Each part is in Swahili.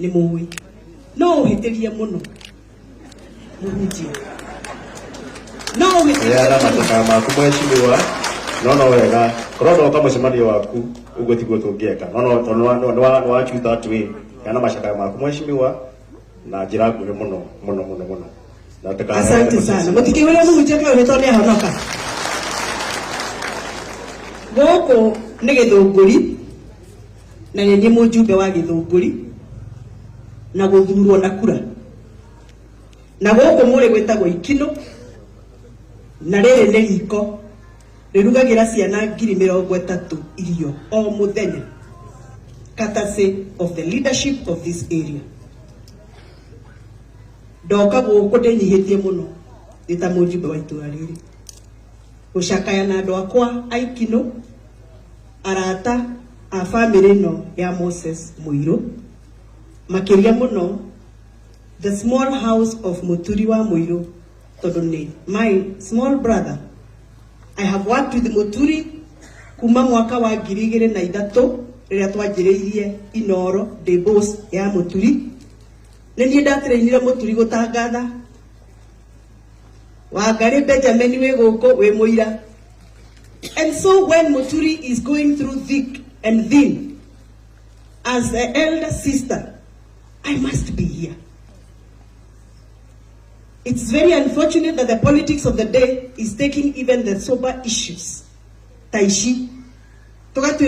nä må ä no å hä tä rie må no mũhunjia no å hä tä rie matũkaa maku no no wega korwo ndoka mũcemanio waku ũguo tiguo tũngĩeka no nĩ wacuta atĩ kana macakaya maku mwecimiwa na njä ra nguhä må no må no no må no asante sana må tikä hå rä a må hunjia kä å nä tondå nä ahonoka gå kå nä gä thå ngå ri na nä niä må njumbe wa gä thå ngå ri na guthurwo na kura na rä gwä tagwo ikino na rä nä riko rirugagira ciana ngiri mirongo itatu irio o muthenya courtesy of the leadership of this area ndoka tie må muno ndi ta mujumbe wa rä gå cakaya na andå akwa aikinå arata a bamĩrĩ no ya Moses irå makĩria the small house of muturi wa mũirũ tondũ my small brother i have worked with muturi kuma mwaka wa girigire na idato rĩrĩa twanjĩrĩirie inoro debos ya muturi nĩ niĩ ndatĩrĩinire muturi gũtangatha wangarĩ benjamin wĩ gũkũ wĩ mũira and so when muturi is going through thick and thin as the elder sister I must be here. It's very unfortunate that the politics of the day is taking even the sober issues. Taishi. na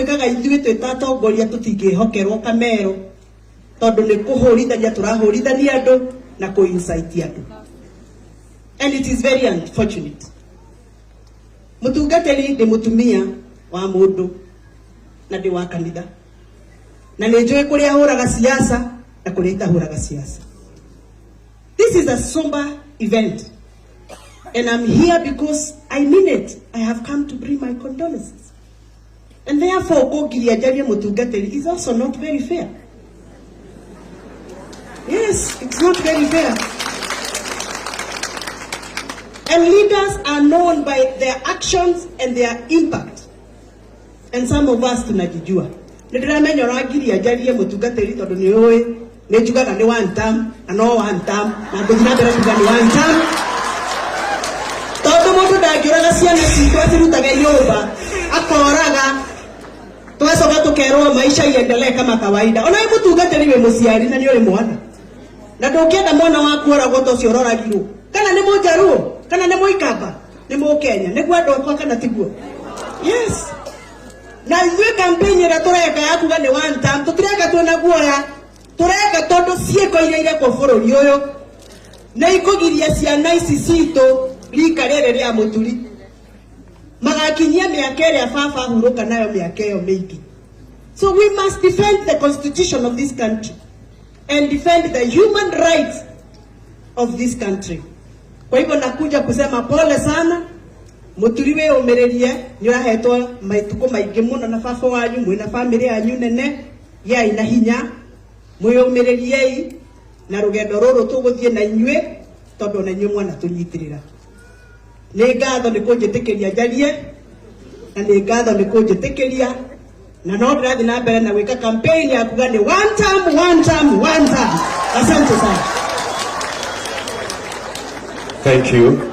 And it is very unfortunate. Mũtungatĩri ndĩ mũtumia wa mudo na ndĩ wa kandida Na nĩ njũĩ kũrĩa hũraga siasa na kuleta huraga siasa. This is a somber event and I'm here because I mean it. I have come to bring my condolences. And therefore Ogiria Jaria Mutungateri is also not very fair. Yes, it's not very fair. And leaders are known by their actions and their impact. And some of us tunajijua. Nä ndä ramenya å rangiri anjarie må nenjugaga nä one term na no na ngå thiä na kuga nä tondå må ndå ndangä ũraga ciana citå acirutage nyåmba akoraga twacoka tå kerwo maisha iendelee kawaida ona wä må tungatä wä må ciari na nä å rä mwana na ndå ngä enda mwana waku oragwo ta å cio roragirwo kana nä må njaruo kana nä må ikamba nä må kenya nä guo andå akwa kana tiguo yes na ithuä kampeni ä rä a tå reka yakuga nä tå tireka twä na guoya tureka tondu ciikoireire ku bururi uyu ni ikugiria ciana ici citu rika riri ria muturi magakinyia miaka iria baba ahuruka nayo miaka iyo mingi so we must defend the constitution of this country and defend the human rights of this country kwa hivyo nakuja kusema pole sana muturi we umiririe ni urahetwo maituko maingi muno na baba wanyu mwina family yanyu nene yai na hinya mwiyumiririe na rugendo ruru tuguthie na inyue tondu na inyue mwana tunyitirira ni ngatho ni kunjitikiria njarie na ni ngatho ni kunjitikiria na no ndirathi na mbere na gwika campaign ya kuga ni one time one time one time asante sana thank you